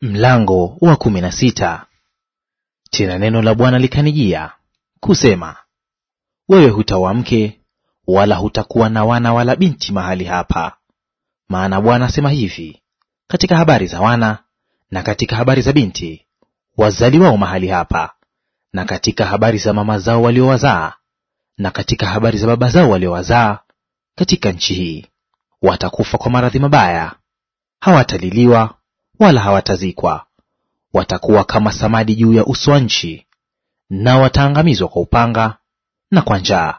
Mlango wa kumi na sita. Tena neno la Bwana likanijia kusema, wewe hutawamke mke wala hutakuwa na wana wala binti mahali hapa. Maana Bwana asema hivi, katika habari za wana na katika habari za binti wazaliwao mahali hapa, na katika habari za mama zao waliowazaa, na katika habari za baba zao waliowazaa katika nchi hii, watakufa kwa maradhi mabaya, hawataliliwa wala hawatazikwa; watakuwa kama samadi juu ya uso wa nchi, nao wataangamizwa kwa upanga na kwa njaa,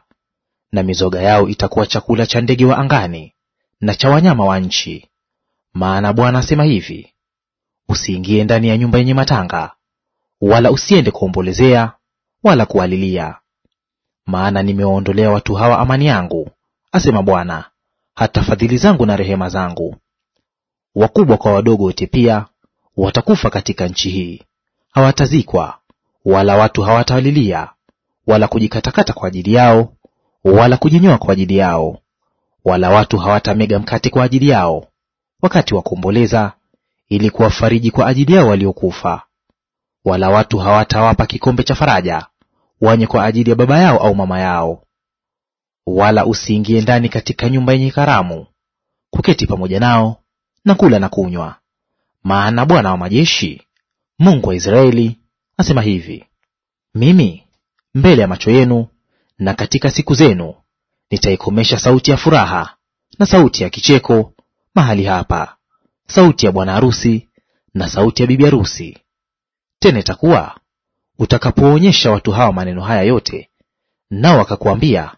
na mizoga yao itakuwa chakula cha ndege wa angani na cha wanyama wa nchi. Maana Bwana asema hivi: usiingie ndani ya nyumba yenye matanga, wala usiende kuombolezea wala kualilia, maana nimewaondolea watu hawa amani yangu, asema Bwana, hata fadhili zangu na rehema zangu wakubwa kwa wadogo wote pia watakufa katika nchi hii. Hawatazikwa wala watu hawatawalilia wala kujikatakata kwa ajili yao wala kujinyoa kwa ajili yao wala watu hawatamega mkate kwa ajili yao wakati wa kuomboleza, ili kuwafariji kwa ajili yao waliokufa. Wala watu hawatawapa kikombe cha faraja wanye kwa ajili ya baba yao au mama yao. Wala usiingie ndani katika nyumba yenye karamu, kuketi pamoja nao na kula na kunywa. Maana Bwana wa majeshi, Mungu wa Israeli, asema hivi, mimi mbele ya macho yenu na katika siku zenu nitaikomesha sauti ya furaha na sauti ya kicheko mahali hapa, sauti ya bwana harusi na sauti ya bibi harusi. Tena itakuwa utakapoonyesha watu hawa maneno haya yote, nao wakakuambia,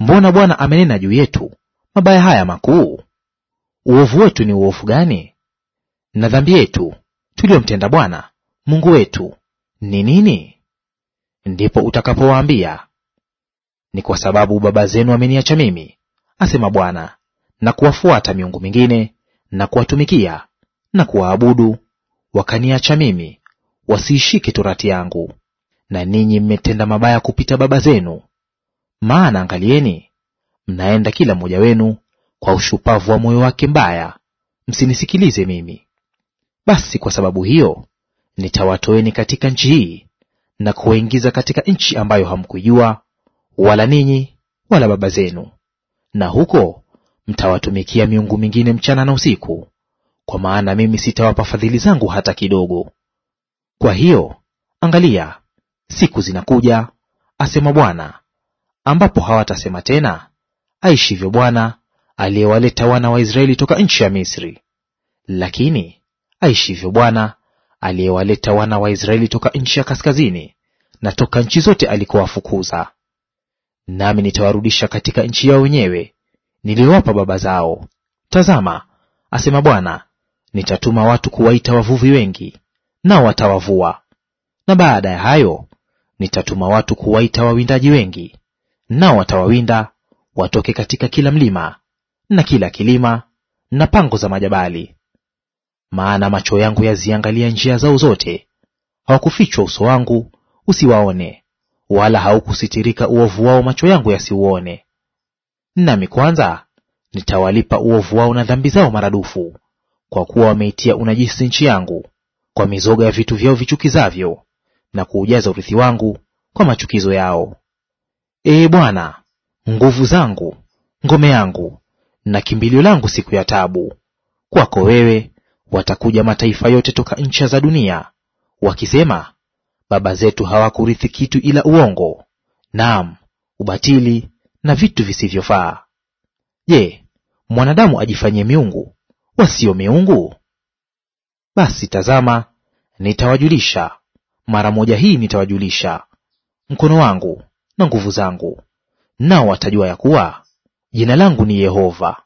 mbona Bwana amenena juu yetu mabaya haya makuu? Uovu wetu ni uovu gani? Na dhambi yetu tuliyomtenda Bwana Mungu wetu ni nini? Ndipo utakapowaambia ni kwa sababu baba zenu wameniacha mimi, asema Bwana, na kuwafuata miungu mingine na kuwatumikia na kuwaabudu, wakaniacha mimi, wasiishike torati yangu. Na ninyi mmetenda mabaya kupita baba zenu, maana angalieni, mnaenda kila mmoja wenu kwa ushupavu wa moyo wake mbaya msinisikilize mimi. Basi kwa sababu hiyo nitawatoeni katika nchi hii na kuwaingiza katika nchi ambayo hamkujua, wala ninyi wala baba zenu, na huko mtawatumikia miungu mingine mchana na usiku, kwa maana mimi sitawapa fadhili zangu hata kidogo. Kwa hiyo angalia, siku zinakuja, asema Bwana, ambapo hawatasema tena, aishivyo Bwana, aliyewaleta wana wa Israeli toka nchi ya Misri. Lakini aishivyo Bwana aliyewaleta wana wa Israeli toka nchi ya kaskazini na toka nchi zote alikowafukuza, nami nitawarudisha katika nchi yao wenyewe niliyowapa baba zao. Tazama, asema Bwana, nitatuma watu kuwaita wavuvi wengi, nao watawavua; na baada ya hayo nitatuma watu kuwaita wawindaji wengi, nao watawawinda watoke katika kila mlima na kila kilima na pango za majabali. Maana macho yangu yaziangalia njia zao zote, hawakufichwa uso wangu usiwaone, wala haukusitirika uovu wao macho yangu yasiuone. Nami kwanza nitawalipa uovu wao na dhambi zao maradufu, kwa kuwa wameitia unajisi nchi yangu kwa mizoga ya vitu vyao vichukizavyo, na kuujaza urithi wangu kwa machukizo yao. Ee Bwana, nguvu zangu, ngome yangu, na kimbilio langu siku ya tabu Kwako wewe watakuja mataifa yote toka ncha za dunia, wakisema, baba zetu hawakurithi kitu ila uongo, naam, ubatili na vitu visivyofaa. Je, mwanadamu ajifanyie miungu wasio miungu? Basi tazama, nitawajulisha mara moja, hii nitawajulisha mkono wangu na nguvu zangu, nao watajua ya kuwa Jina langu ni Yehova.